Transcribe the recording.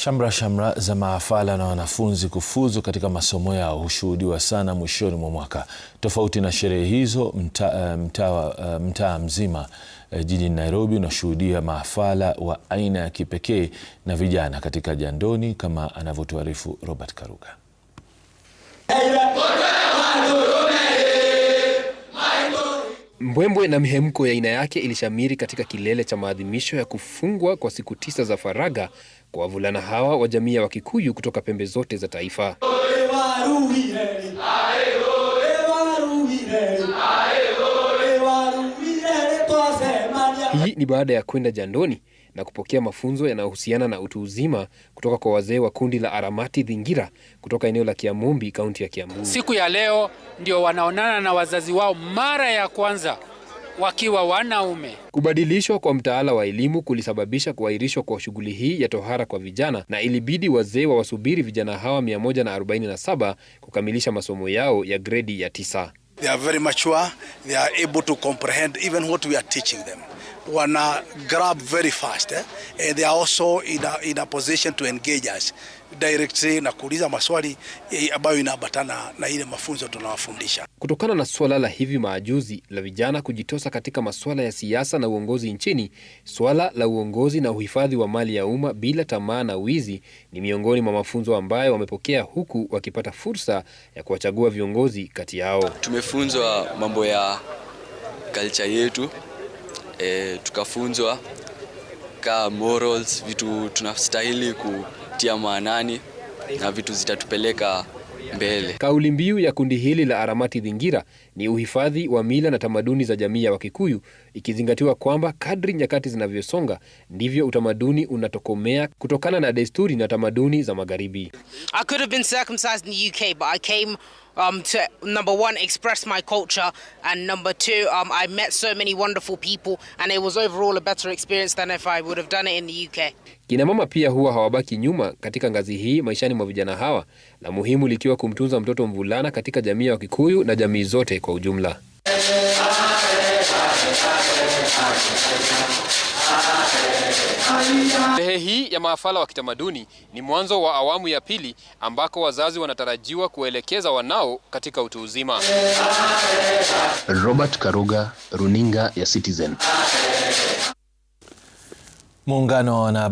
Shamra shamra za maafala na wanafunzi kufuzu katika masomo yao hushuhudiwa sana mwishoni mwa mwaka. Tofauti na sherehe hizo, eh, eh, mtaa mta, mta mzima eh, jijini Nairobi unashuhudia maafala wa aina ya kipekee na vijana katika jandoni, kama anavyotuarifu Robert Karuga. Mbwembwe na mihemko ya aina yake ilishamiri katika kilele cha maadhimisho ya kufungwa kwa siku tisa za faraga kwa wavulana hawa wa jamii ya Wakikuyu kutoka pembe zote za taifa. Hii ni baada ya kwenda jandoni na kupokea mafunzo yanayohusiana na utu uzima kutoka kwa wazee wa kundi la Aramati Dhingira kutoka eneo la Kiamumbi, kaunti ya Kiambu. Siku ya leo ndio wanaonana na wazazi wao mara ya kwanza wakiwa wanaume. Kubadilishwa kwa mtaala wa elimu kulisababisha kuahirishwa kwa shughuli hii ya tohara kwa vijana, na ilibidi wazee wawasubiri vijana hawa 147 kukamilisha masomo yao ya gredi ya tisa. They are very mature. They are able to comprehend even what we are teaching them wana grab very fast eh? And they are also in a, in a position to engage us directly na kuuliza maswali eh, ambayo inaambatana na ile mafunzo tunawafundisha. Kutokana na suala la hivi majuzi la vijana kujitosa katika masuala ya siasa na uongozi nchini, suala la uongozi na uhifadhi wa mali ya umma bila tamaa na wizi ni miongoni mwa mafunzo ambayo wamepokea huku wakipata fursa ya kuwachagua viongozi kati yao. Tumefunzwa mambo ya kalcha yetu e, tukafunzwa ka morals, vitu tunastahili kutia maanani na vitu zitatupeleka mbele. Kauli mbiu ya kundi hili la Aramati Dhingira ni uhifadhi wa mila na tamaduni za jamii ya Wakikuyu, ikizingatiwa kwamba kadri nyakati zinavyosonga ndivyo utamaduni unatokomea kutokana na desturi na tamaduni za Magharibi um, to number one, express my culture, and number two, um, I met so many wonderful people, and it was overall a better experience than if I would have done it in the UK. Kina mama pia huwa hawabaki nyuma katika ngazi hii maishani mwa vijana hawa, na muhimu likiwa kumtunza mtoto mvulana katika jamii ya Wakikuyu na jamii zote kwa ujumla. Sherehe hii ya maafala wa kitamaduni ni mwanzo wa awamu ya pili ambako wazazi wanatarajiwa kuelekeza wanao katika utu uzima. Robert Karuga, Runinga ya Citizen. Muungano wa